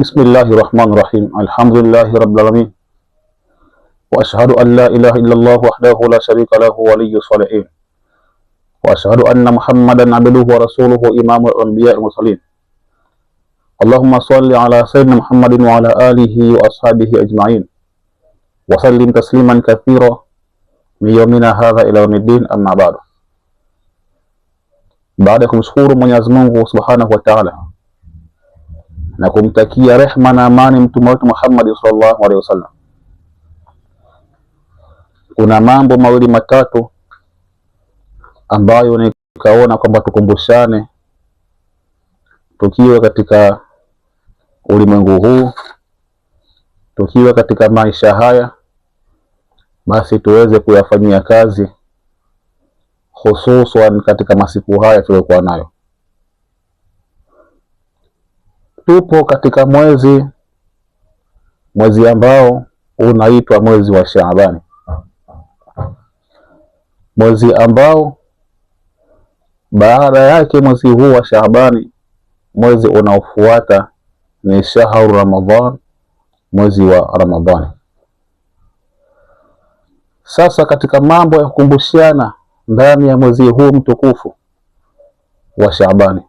بسم الله الرحمن الرحيم الحمد لله رب العالمين وأشهد أن لا إله إلا الله وحده لا شريك له ولي الصالحين وأشهد أن محمدا عبده ورسوله إمام الأنبياء والمرسلين اللهم صل على سيدنا محمد وعلى آله وأصحابه أجمعين وسلم تسليما كثيرا من يومنا هذا إلى يوم الدين أما بعد بعدكم شكور من يزمنه سبحانه وتعالى na kumtakia rehma na amani mtume wetu Muhammad sallallahu alaihi wasallam. Kuna mambo mawili matatu ambayo nikaona kwamba tukumbushane tukiwa katika ulimwengu huu, tukiwa katika maisha haya, basi tuweze kuyafanyia kazi, hususan katika masiku haya tuliyokuwa nayo. Tupo katika mwezi mwezi ambao unaitwa mwezi wa Shaabani, mwezi ambao baada yake mwezi huu wa Shaabani, mwezi unaofuata ni shahru Ramadhan, mwezi wa Ramadhani. Sasa katika mambo ya kukumbushiana ndani ya mwezi huu mtukufu wa Shaabani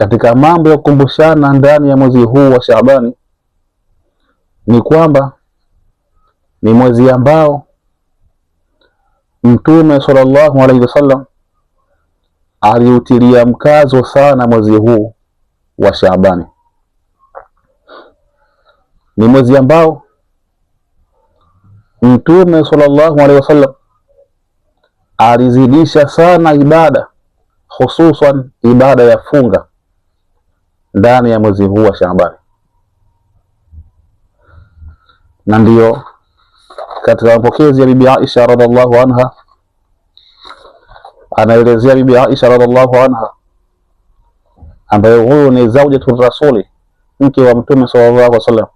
katika mambo ya kukumbushana ndani ya mwezi huu wa Shaabani ni kwamba ni mwezi ambao Mtume sallallahu alaihi wasallam aliutilia mkazo sana mwezi huu wa Shaabani. Ni mwezi ambao Mtume sallallahu alaihi wasallam alizidisha sana ibada, hususan ibada ya funga ndani ya mwezi huu wa Shaaban, na ndiyo katika mapokezi ya Bibi Aisha radhiallahu anha, anaelezea Bibi Aisha radhiallahu anha ambaye huyu ni zaujatu rasuli, mke wa Mtume sallallahu alaihi wasallam.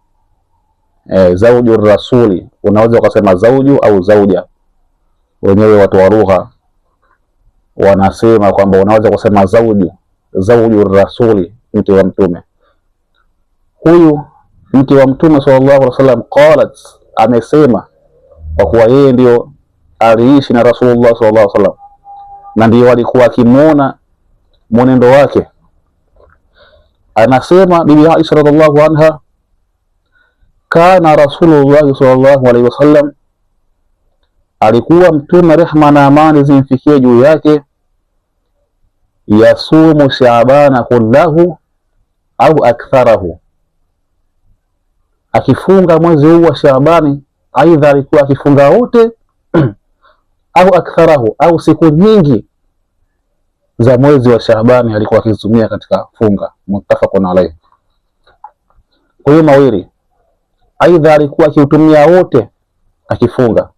E, zauju rasuli, unaweza ukasema zauju au zauja. Wenyewe watu wa lugha wanasema kwamba unaweza kusema zauju zauju rasuli mti wa mtume. Huyu mti wa mtume sallallahu alaihi wasallam qalat, amesema kwa kuwa yeye ndio aliishi na Rasulullah sallallahu alaihi wasallam na ndio alikuwa akimwona mwenendo wake. Anasema Bibi Aisha radhiallahu anha, kana Rasulullah sallallahu alaihi wasallam, alikuwa mtume, rehma na amani zimfikie juu yake, yasumu shaabana kullahu au aktharahu, akifunga mwezi huu wa Shaabani, aidha alikuwa akifunga wote au aktharahu, au siku nyingi za mwezi wa Shaabani alikuwa akizitumia katika funga. Muttafaqun alayhi. Kwa hiyo mawili, aidha alikuwa akiutumia wote akifunga,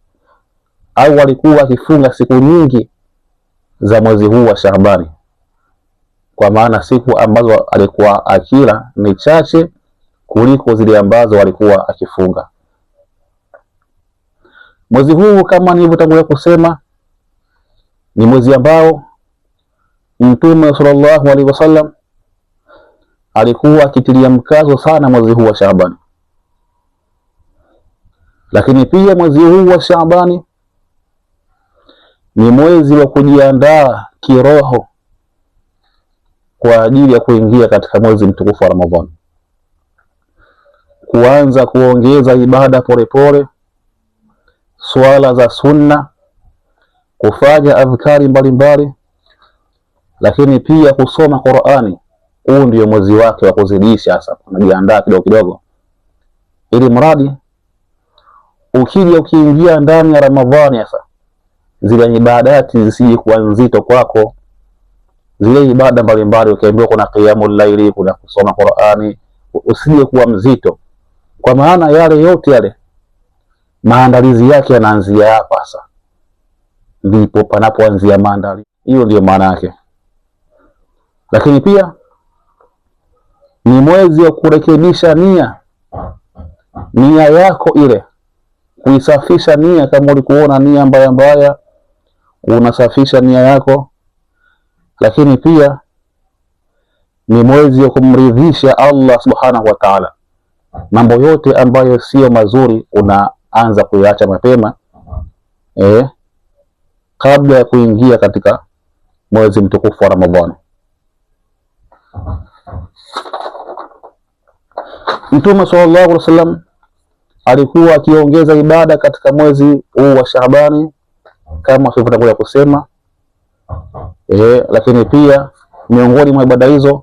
au alikuwa akifunga siku nyingi za mwezi huu wa Shaabani kwa maana siku ambazo alikuwa akila ni chache kuliko zile ambazo alikuwa akifunga. Mwezi huu kama nilivyotangulia kusema ni mwezi ambao Mtume sallallahu alaihi wasallam alikuwa akitilia mkazo sana mwezi huu wa Shaabani, lakini pia mwezi huu wa Shaabani ni mwezi wa kujiandaa kiroho kwa ajili ya kuingia katika mwezi mtukufu wa Ramadhani, kuanza kuongeza ibada polepole, swala za sunna, kufanya adhkari mbalimbali, lakini pia kusoma Qur'ani. Huu ndio mwezi wake wa kuzidisha. hasa unajiandaa kidogo kidogo, ili mradi ukija ukiingia ndani ya Ramadhani, hasa zile ibadati zisije kuwa nzito kwako zile ibada mbalimbali, ukiambiwa kuna qiyamu laili, kuna kusoma Qur'ani, usije kuwa mzito, kwa maana yale yote yale maandalizi yake yanaanzia hapa. Sasa ndipo panapoanzia maandalizi, hiyo ndio maana yake. Lakini pia ni mwezi wa kurekebisha nia, nia yako ile kuisafisha nia. Kama ulikuona nia mbaya mbaya, unasafisha nia yako lakini pia ni mwezi wa kumridhisha Allah subhanahu wa ta'ala. Mambo yote ambayo siyo mazuri unaanza kuyaacha mapema eh, kabla ya kuingia katika mwezi mtukufu wa Ramadhani. Mtume sallallahu alaihi wasallam alikuwa akiongeza ibada katika mwezi huu wa Shaabani kama tulivyotangulia kusema e, lakini pia miongoni mwa ibada hizo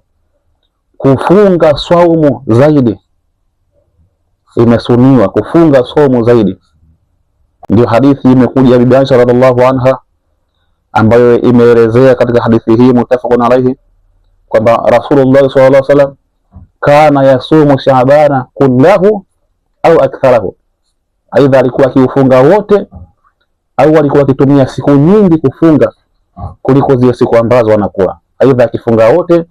kufunga swaumu zaidi, imesuniwa kufunga swaumu zaidi. Ndio hadithi imekuja Bibi Aisha radhiallahu anha ambayo imeelezea katika hadithi hii mutafaqun alayhi kwamba Rasulullah sallallahu alaihi wasallam kana yasumu shaabana kullahu au aktharahu, aidha alikuwa akiufunga wote au alikuwa akitumia siku nyingi kufunga kuliko zile siku ambazo wanakula, aidha akifunga wote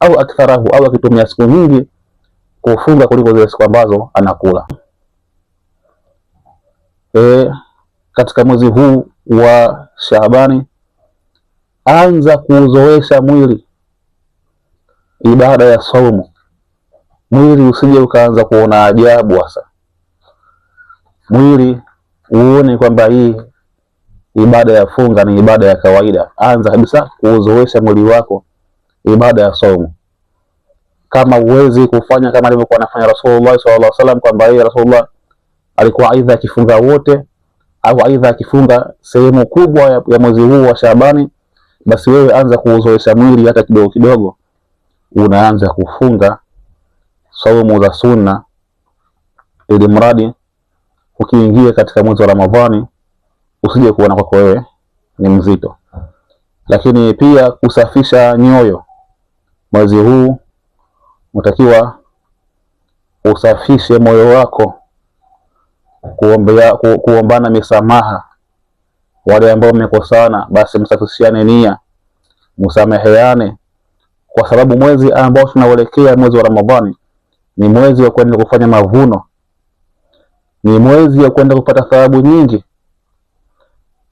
au akitharahu au akitumia siku nyingi kufunga kuliko zile siku ambazo anakula. E, katika mwezi huu wa Shaabani anza kuuzoesha mwili ibada ya saumu, mwili usije ukaanza kuona ajabu. Hasa mwili uone kwamba hii ibada ya funga ni ibada ya kawaida. Anza kabisa kuuzoesha mwili wako ibada ya somo. Kama uwezi kufanya kama alivyokuwa anafanya Rasulullah sallallahu alaihi wasallam, kwamba yeye Rasulullah alikuwa aidha akifunga wote au aidha akifunga sehemu kubwa ya, ya mwezi huu wa Shaabani, basi wewe anza kuuzoesha mwili hata kidogo kidogo, unaanza kufunga saumu za sunna, ili mradi ukiingia katika mwezi wa Ramadhani usije kuona kwako wewe ni mzito. Lakini pia kusafisha nyoyo, mwezi huu unatakiwa usafishe moyo wako kuombea, ku, kuombana misamaha. Wale ambao mmekosana, basi msafishiane nia, msameheane, kwa sababu mwezi ambao tunaelekea mwezi wa Ramadhani, ni mwezi wa kwenda kufanya mavuno, ni mwezi wa kwenda kupata thawabu nyingi.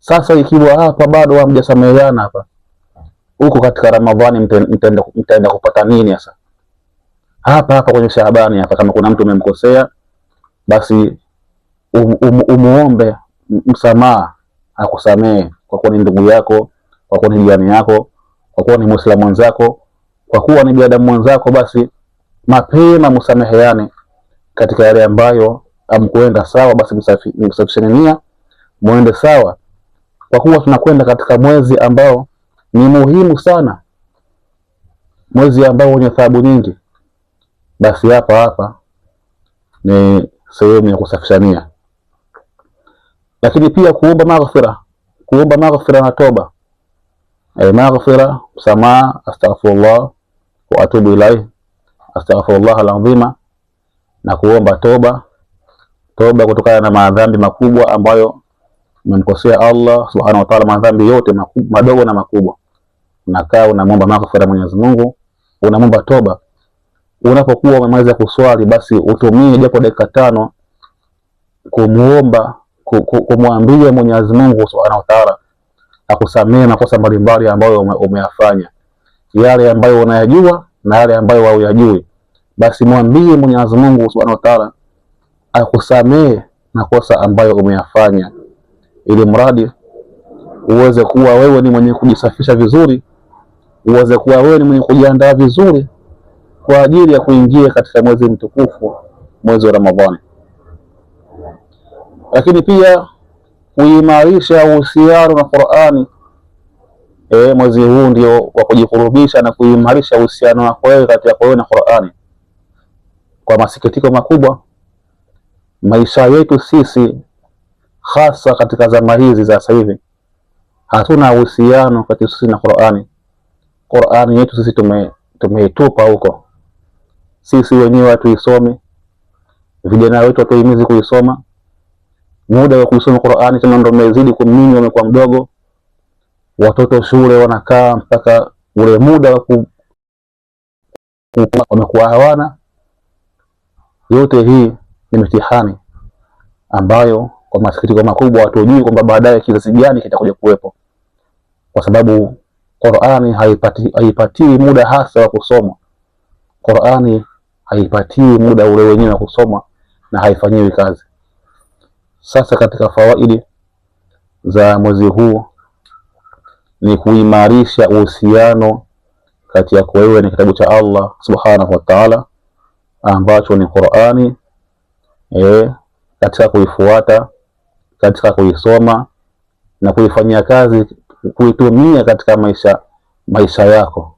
Sasa ikiwa hapa bado hamjasameheana hapa, huko katika Ramadhani mtaenda mtaenda kupata nini sasa? Hapa hapa kwenye Shaabani hapa, kama kuna mtu umemkosea, basi um, um, umuombe msamaha akusamehe, kwa kuwa ni ndugu yako, kwa kuwa ni jirani yako, kwa kuwa ni Muislamu mwenzako, kwa kuwa ni binadamu mwenzako, basi mapema msameheane katika yale ambayo amkuenda sawa, basi msafisheni nia muende sawa kwa kuwa tunakwenda katika mwezi ambao ni muhimu sana, mwezi ambao wenye thawabu nyingi, basi hapa hapa ni sehemu ya kusafishania lakini pia kuomba maghfira, kuomba maghfira na toba. E, maghfira, msamaha, astaghfirullah wa atubu ilaih, astaghfirullah alazima, na kuomba toba, toba kutokana na madhambi makubwa ambayo umemkosea Allah subhanahu wa ta'ala madhambi yote madogo na makubwa, unakaa unamwomba maghfirah Mwenyezi Mungu, unamwomba toba. Unapokuwa umemaliza kuswali, basi utumie japo dakika tano kumuomba, kumwambia Mwenyezi Mungu subhanahu wa ta'ala akusamee makosa mbalimbali ambayo umeyafanya, yale ambayo unayajua na yale ambayo hauyajui. Basi mwambie Mwenyezi Mungu subhanahu wa ta'ala akusamee makosa ambayo umeyafanya ili mradi uweze kuwa wewe ni mwenye kujisafisha vizuri, uweze kuwa wewe ni mwenye kujiandaa vizuri kwa ajili ya kuingia katika mwezi mtukufu, mwezi wa Ramadhani, lakini pia kuimarisha uhusiano na Qur'ani. E, mwezi huu ndio wa kujikurubisha na kuimarisha uhusiano wako wewe kati yako wewe na Qur'ani. Kwa masikitiko makubwa, maisha yetu sisi hasa katika zama hizi za sasa hivi hatuna uhusiano kati sisi na Qur'ani. Qur'ani yetu sisi tume tumeitupa huko, sisi wenyewe hatuisomi vijana wetu hatuhimizi kuisoma, muda wa kuisoma Qur'ani tena ndio umezidi kumini, umekuwa mdogo. Watoto shule wanakaa mpaka ule muda wa ku wamekuwa hawana. Yote hii ni mitihani ambayo kwa masikitiko makubwa, watu kwamba baadaye kizazi gani kitakuja kuwepo, kwa sababu Qur'ani haipati haipatii muda hasa wa kusoma. Qur'ani haipatii muda ule wenyewe wa kusoma na haifanyiwi kazi. Sasa katika fawaidi za mwezi huu ni kuimarisha uhusiano kati yako wewe na kitabu cha Allah subhanahu wa ta'ala, ambacho ni Qur'ani, eh, katika kuifuata katika kuisoma na kuifanyia kazi, kuitumia katika maisha maisha yako.